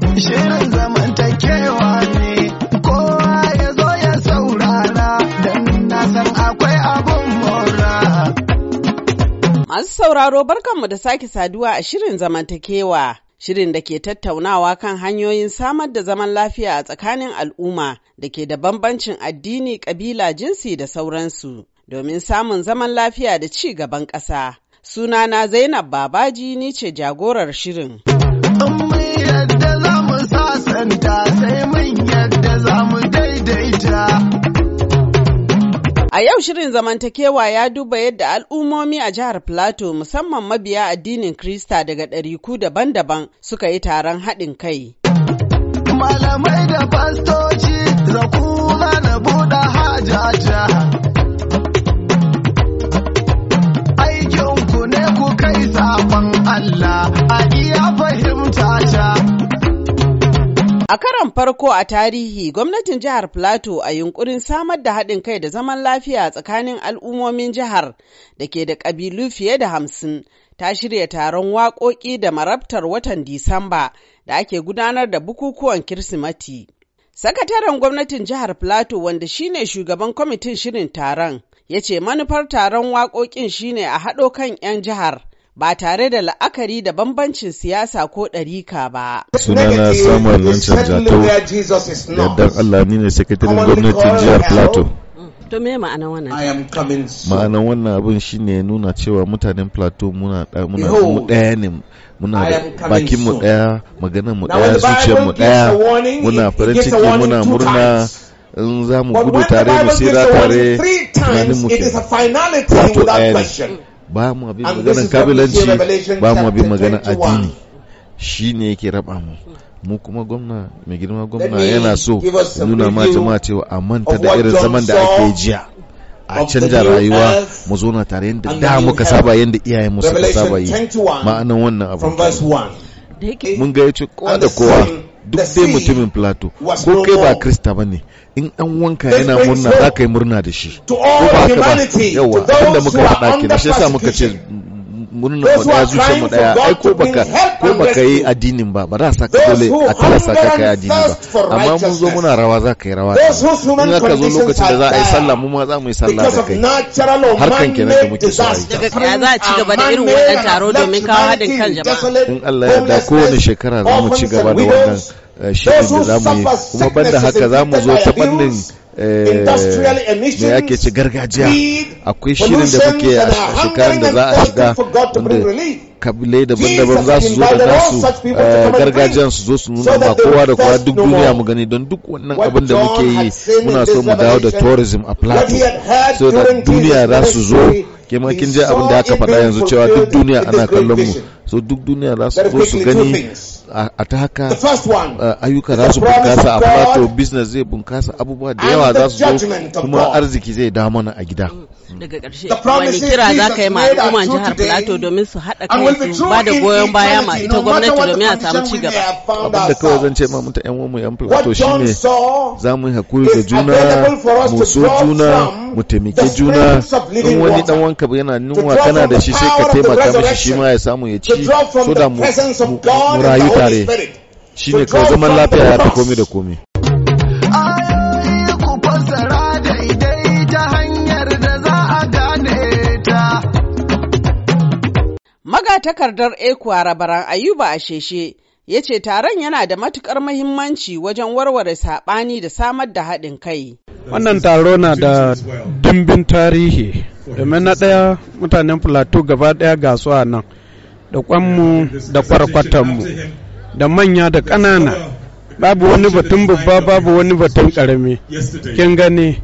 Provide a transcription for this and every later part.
Shirin zamantakewa ne kowa ya zo ya saurara don na san akwai abun mora. Masu sauraro barkanmu da sake saduwa a shirin zamantakewa. Shirin da ke tattaunawa kan hanyoyin samar da zaman lafiya a tsakanin al'umma da ke da bambancin addini, ƙabila, jinsi da sauransu domin samun zaman lafiya da ci gaban ƙasa. Sunana Zainab Babaji ni ce jagorar shirin. nisanta sai mun yadda za mu daidaita. A yau shirin zamantakewa ya duba yadda al'ummomi a jihar Plateau musamman mabiya addinin Krista daga ɗariku daban-daban suka yi taron haɗin kai. Malamai da fastoci ku na buɗe hajaja. Aikinku ne ku kai sabon Allah a iya fahimta ta. A karon farko a tarihi, gwamnatin jihar Plateau a yunkurin samar da haɗin kai da zaman lafiya tsakanin al'ummomin jihar da ke da ƙabilu fiye da hamsin, ta shirya taron waƙoƙi da marabtar watan Disamba da ake gudanar da bukukuwan Kirsimati. Sakataren gwamnatin jihar Plateau wanda shine shugaban kwamitin shirin taron, ya ce manufar taron waƙoƙin shine a haɗo kan 'yan jihar. ba tare da la'akari da bambancin siyasa ko ɗarika ba. Sunana Samuel Lancan Jato, yadda Allah ni ne sakataren gwamnatin jihar Plato. Mm. To me ma'anan wannan? Ma'anan wannan abin ne nuna cewa mutanen Plateau muna muna ɗaya ne muna da bakin mu ɗaya maganar mu ɗaya zuciyar mu ɗaya muna farin ciki muna murna in za mu gudu tare mu sira tare tunanin mu ke. Wato ɗaya ne. ba mu abin maganar kabilanci ba mu abin maganar addini shi ne yake raba mu mu kuma gwamna mai girma gwamna yana so nuna ma jama'a cewa a manta da irin zaman da ake jiya a canja rayuwa mu zo na tare yadda da muka saba yadda iyayen mu suka saba yi ma'anan wannan abu mun ga kowa kwada kowa duk dai mutumin plato ko kai ba krista ba ne in an wanka yana murna za ka yi murna da shi ko ba haka ba yawa tunda muka faɗa da shi yasa muka ce murnar mu da zuciyar mu daya ai ko baka ko baka yi addinin ba ba za ka dole a tilasta ka kai addini ba amma mun zo muna rawa za ka yi rawa in aka zo lokacin da za a yi sallah mu ma za mu yi sallah da kai harkan kenan da muke so a yi daga kaya za a ci gaba da irin wannan taro domin kawo haɗin kan jama'a in Allah ya da kowane shekara za mu ci gaba da wannan eh, shirin da za mu yi kuma banda haka za mu zo ta fannin Eh, da yake ci gargajiya akwai shirin da muke a shekarun da za a shiga wanda kabilai daban-daban za su zo da nasu eh, gargajiyan su zo su nuna ma kowa da kowa duk duniya mu gani don duk wannan abin da muke yi muna so mu dawo da tourism a plateau so da duniya za su zo ke ma kin ji abin da aka faɗa yanzu cewa duk duniya ana kallon mu so duk duniya za su zo su gani a ta haka ayyuka za su bunkasa a fato business zai bunkasa abubuwa da yawa za su zo kuma arziki zai da mana a gida mm. daga ƙarshe wani kira za ka yi ma al'umma jihar plateau domin su haɗa kai su ba da goyon baya ma ita gwamnati domin a samu ci gaba abin da kawai zan ce ma mutane yan uwanmu yan plateau shine za mu yi hakuri da juna mu so juna mu taimake juna in wani dan wanka yana nunwa kana da shi sai ka taimaka mishi shi ma ya samu ya ci so da mu rayu tare shine kawai zaman lafiya ya fi komai da komai Magatakardar Ekuwa rabaran Ayuba a sheshe ya ce taron yana da matukar mahimmanci wajen warware saɓani da samar da haɗin kai. wannan taro na da dimbin tarihi domin na ɗaya mutanen plateau gaba ɗaya ga su a nan da kwanmu da kwarkwatanmu da manya da ƙanana babu wani batun babba babu wani batun karami kin gani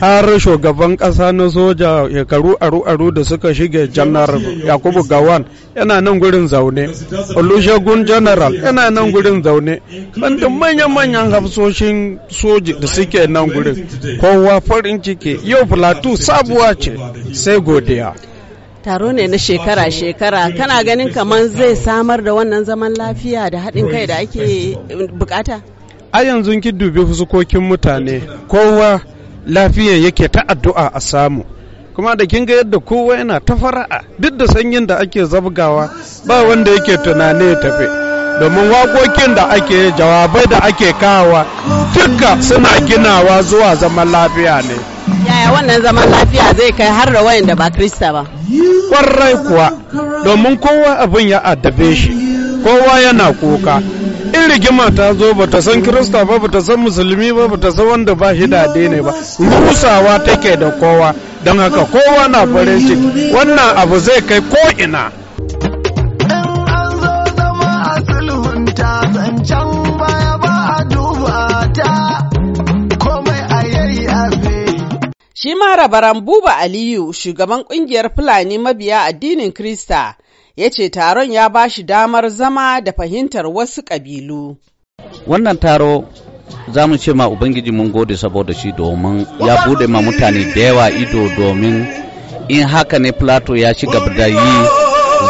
har shugaban kasa na soja karu aru-aru da suka shige janar yakubu gawan yana nan gurin zaune olusegun general yana nan gurin zaune banda manyan-manyan hafsoshin soji da suke nan gurin kowa farin ciki yau plateau sabuwa ce sai godiya taro ne na shekara-shekara kana ganin kamar zai samar da wannan zaman lafiya da haɗin kai da ake bukata a yanzu ki dubi fuskokin mutane kowa lafiya yake ta addu'a a samu kuma da kin ga yadda kowa yana ta fara'a duk da sanyin da ake zabgawa ba wanda yake tunane ya tafi domin waƙoƙin da ake jawabai da ake kawa duka suna ginawa zuwa zaman lafiya ne yaya wannan zaman lafiya zai kai har da wayan da ba krista ba ƙwarai kuwa domin kowa abin ya addabe shi kowa yana kuka in rigima ta zo ba ta san krista ba ba ta san musulmi ba ba ta san wanda ba shi da ne ba rusawa take da kowa don haka kowa na farin ciki wannan abu zai kai ko ina ma rabaran Buba Aliyu, shugaban kungiyar Fulani mabiya addinin Krista, ya ce taron ya ba shi damar zama da fahimtar wasu kabilu. Wannan taro za mu ce ma Ubangiji mun gode saboda shi domin ya bude ma mutane da yawa ido domin in haka ne Plato ya ci da yi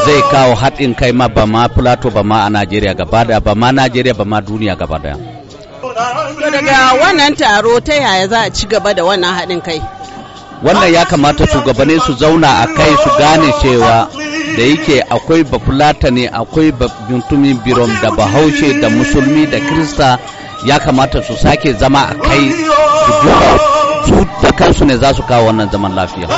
zai kawo haɗin kai ma ba ma Plato ba ma a Najeriya gaba da ba ma Najeriya ba ma duniya gaba da. daga wannan taro ta yaya za a ci gaba da wannan haɗin kai? wannan ya kamata shugabanni su zauna a kai su gane cewa da yake akwai bafulata ne akwai bintumin birom da bahaushe da musulmi da krista ya kamata su sake zama a kai su duka su da kansu ne za su kawo wannan zaman lafiya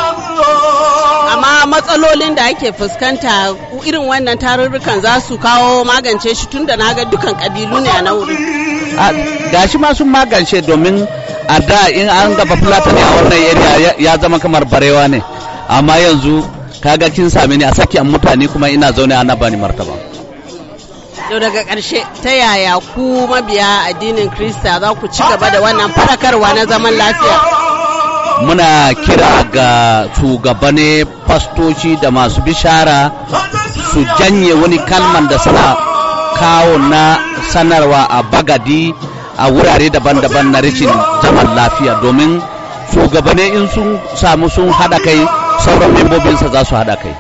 amma matsalolin da ake fuskanta irin wannan tarurrukan za su kawo magance shi tun da na ga dukan kabilu ne a wuri. gashi ma sun magance domin a da in an gaba fulatani a wannan area ya zama kamar barewa ne amma yanzu kaga kin sami ne a an mutane kuma ina zaune ana bani martaba to daga ƙarshe ta yaya ku mabiya addinin krista za ku ci gaba da wannan farakarwa na zaman lafiya muna kira ga shugabane fastoci da masu bishara su janye wani kalman da suna kawo na sanarwa a bagadi a wurare daban-daban na rashin zaman lafiya domin shugabane in sun samu sun haɗa kai sauran membobinsa za su haɗa kai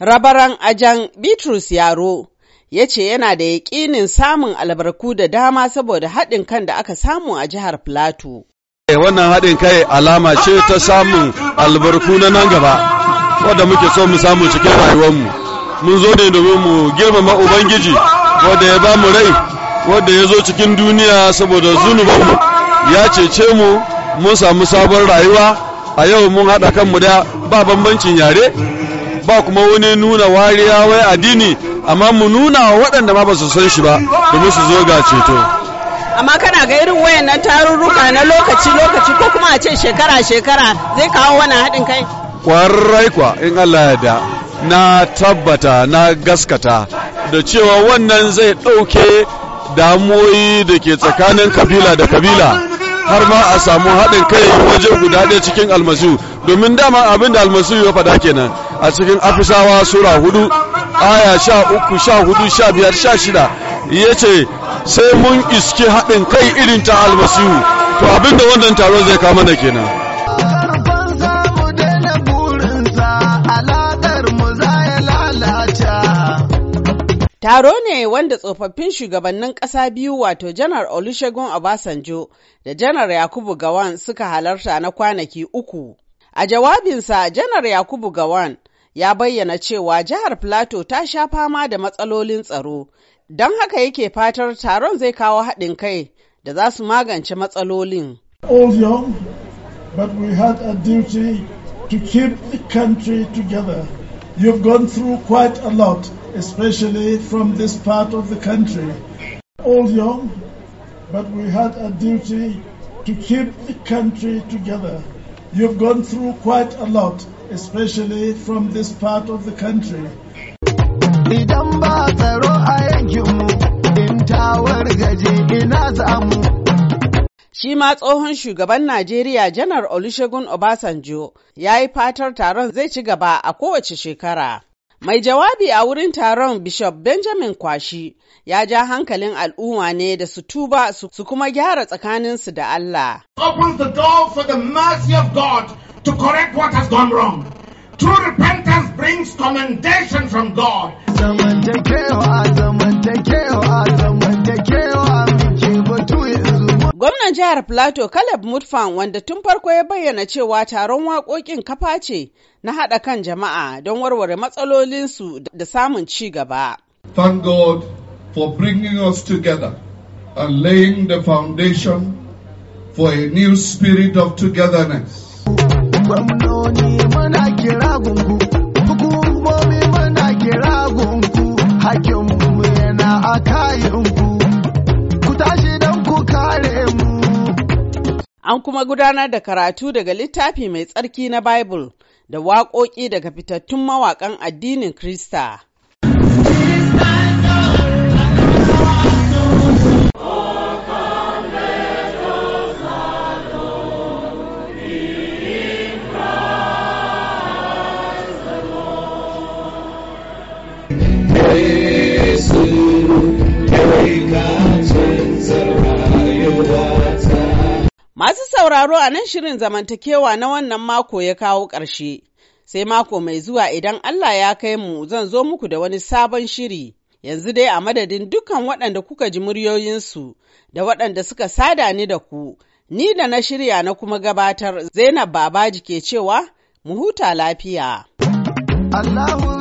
rabaran ajan bitrus yaro ya ce yana da yaƙinin samun albarku da dama saboda haɗin kan da aka samu a jihar plateau eh, wannan haɗin kai alama ce ta samun albarku na nan gaba wadda muke so mu samu cikin rayuwarmu mun zo ne domin mu girmama ubangiji wadda ya ba mu rai wadda ya zo cikin duniya saboda zunubanmu ya cece mu mun samu sabon rayuwa a yau mun haɗa kanmu da ba bambancin yare ba kuma wani nuna wariya wai addini amma mu nuna wa waɗanda ma ba su san shi ba domin su zo ga ceto amma kana ga irin wayannan tarurruka na lokaci-lokaci ko kuma a ce shekara-shekara zai kawo wani haɗin kai kwarai kwa in Allah ya da na tabbata na gaskata da cewa wannan zai ɗauke damuwoyi da ke tsakanin kabila da kabila har ma a samu haɗin kai waje guda ɗaya cikin almasu domin dama abin da almasu ya faɗa kenan a cikin afisawa sura hudu aya sha uku sha hudu sha biyar sha shida ya ce sai mun iske haɗin kai irin ta almasihu to abin da wannan taron zai kama na kenan Taro ne wanda tsofaffin shugabannin ƙasa biyu wato Janar Olusegun Obasanjo da Janar Yakubu Gawan suka halarta na kwanaki uku. A jawabinsa, Janar Yakubu Gawan ya bayyana cewa jihar Plateau ta sha fama da matsalolin tsaro, don haka yake fatar taron zai kawo haɗin kai da za su magance matsalolin. You've gone through quite a lot. especially from this part of the country. All young, but we had a duty to keep the country together. You've gone through quite a lot, especially from this part of the country. Idan ba tsaro a yankinmu, in shi ma tsohon shugaban Najeriya janar Olusegun Obasanjo ya yi fatar taron zai ci gaba a kowace shekara. Mai jawabi a wurin taron Bishop Benjamin Kwashi ya ja hankalin al'umma ne da su tuba su kuma gyara tsakaninsu da Allah. Opens the door for the mercy of God to correct what has gone wrong. True repentance brings commendation from God. Zamantakewa, zamantakewa, Gwamnan jihar Plateau Caleb Mutfan wanda tun farko ya bayyana cewa taron waƙoƙin kafa ce na haɗa kan jama'a don warware matsalolinsu da samun ci gaba. Thank God for bringing us together and laying the foundation for a new spirit of togetherness. Gwamnoni mana kira mana kira An kuma gudanar da karatu daga littafi mai tsarki na Bible da waƙoƙi daga fitattun mawaƙan addinin Kirista. sauraro a nan shirin zamantakewa na wannan mako ya kawo ƙarshe. Sai mako mai zuwa idan Allah ya kai mu zan zo muku da wani sabon shiri. Yanzu dai a madadin dukkan waɗanda kuka ji muryoyinsu da waɗanda suka sada ni da ku, ni da na shirya na kuma gabatar Zainab Babaji ke cewa mu huta lafiya. Allahu